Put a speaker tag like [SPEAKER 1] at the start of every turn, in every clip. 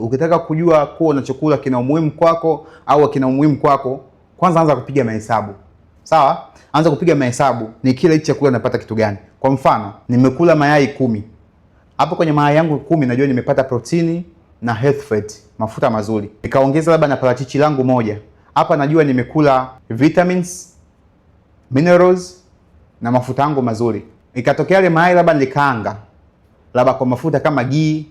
[SPEAKER 1] Ukitaka kujua kuwa unachokula kina umuhimu kwako au kina umuhimu kwako, kwanza anza kupiga mahesabu. Sawa, anza kupiga mahesabu, ni kila hicho chakula napata kitu gani? Kwa mfano, nimekula mayai kumi, hapo kwenye mayai yangu kumi najua nimepata protini na health fat, mafuta mazuri. Nikaongeza labda na parachichi langu moja, hapa najua nimekula vitamins, minerals na mafuta yangu mazuri. Ikatokea ile mayai labda nikaanga labda kwa mafuta kama ghee,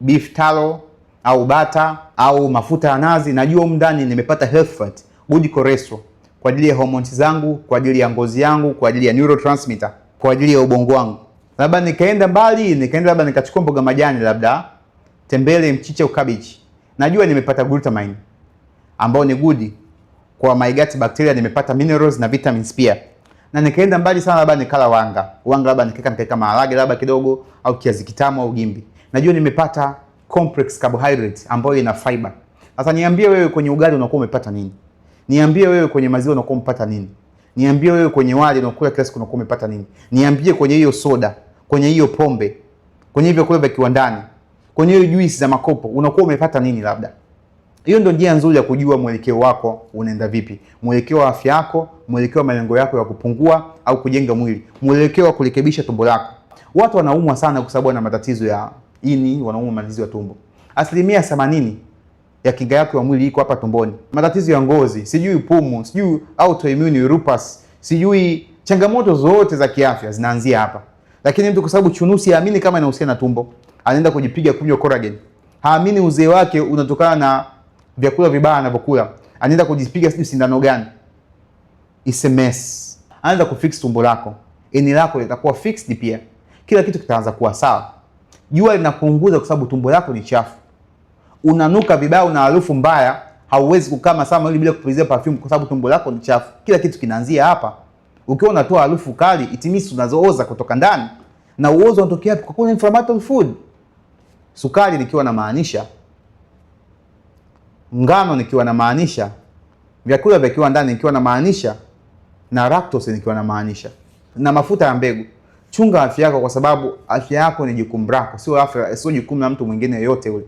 [SPEAKER 1] beef tallow au bata au mafuta ya nazi, najua huko ndani nimepata health fat, good cholesterol kwa ajili ya hormones zangu, kwa ajili ya ngozi yangu, kwa ajili ya neurotransmitter, kwa ajili ya ubongo wangu. Labda nikaenda mbali, nikaenda labda nikachukua mboga majani, labda tembele, mchicha au cabbage, najua nimepata glutamine ambao ni good kwa my gut bacteria, nimepata minerals na vitamins pia. Na nikaenda mbali sana, labda nikala wanga wanga, labda nikaeka nikaeka maharage labda kidogo, au kiazi kitamu au gimbi, najua nimepata complex carbohydrate ambayo ina fiber. Sasa niambie wewe kwenye ugali unakuwa umepata nini? Niambie wewe kwenye maziwa unakuwa umepata nini? Niambie wewe kwenye wali unakula kila siku unakuwa umepata nini? Niambie kwenye hiyo soda, kwenye hiyo pombe, kwenye vyakula vya kiwandani, kwenye hiyo juisi za makopo unakuwa umepata nini labda? Hiyo ndio njia nzuri ya kujua mwelekeo wako unaenda vipi, mwelekeo wa afya yako, mwelekeo wa malengo yako ya kupungua au kujenga mwili, mwelekeo wa kurekebisha tumbo lako. Watu wanaumwa sana kwa sababu wana matatizo ya ini, wanaume malizi wa tumbo. Asilimia themanini ya kinga yako ya mwili iko hapa tumboni. Matatizo ya ngozi, sijui pumu, sijui autoimmune lupus, sijui changamoto zote za kiafya zinaanzia hapa. Lakini mtu kwa sababu chunusi haamini kama inahusiana na tumbo, anaenda kujipiga kunywa collagen. Haamini uzee wake unatokana na vyakula vibaya anavyokula. Anaenda kujipiga sijui sindano gani. It's a mess. Anza kufix tumbo lako. Ini lako litakuwa fixed pia. Kila kitu kitaanza kuwa sawa jua linakuunguza kwa sababu tumbo lako ni chafu, unanuka vibaya, una harufu mbaya, hauwezi kukaa masaa mawili bila kupulizia perfume kwa sababu tumbo lako ni chafu. Kila kitu kinaanzia hapa. Ukiwa unatoa harufu kali, itimisi unazooza kutoka ndani, na uozo unatokea wapi? Kwa kula inflammatory food. Sukari nikiwa na maanisha, ngano, nikiwa na maanisha, vyakula vya kiwandani, nikiwa na maanisha, na lactose, nikiwa na maanisha, na mafuta ya mbegu chunga afya yako, kwa sababu afya yako ni jukumu lako, sio afya, sio jukumu la mtu mwingine yoyote ule.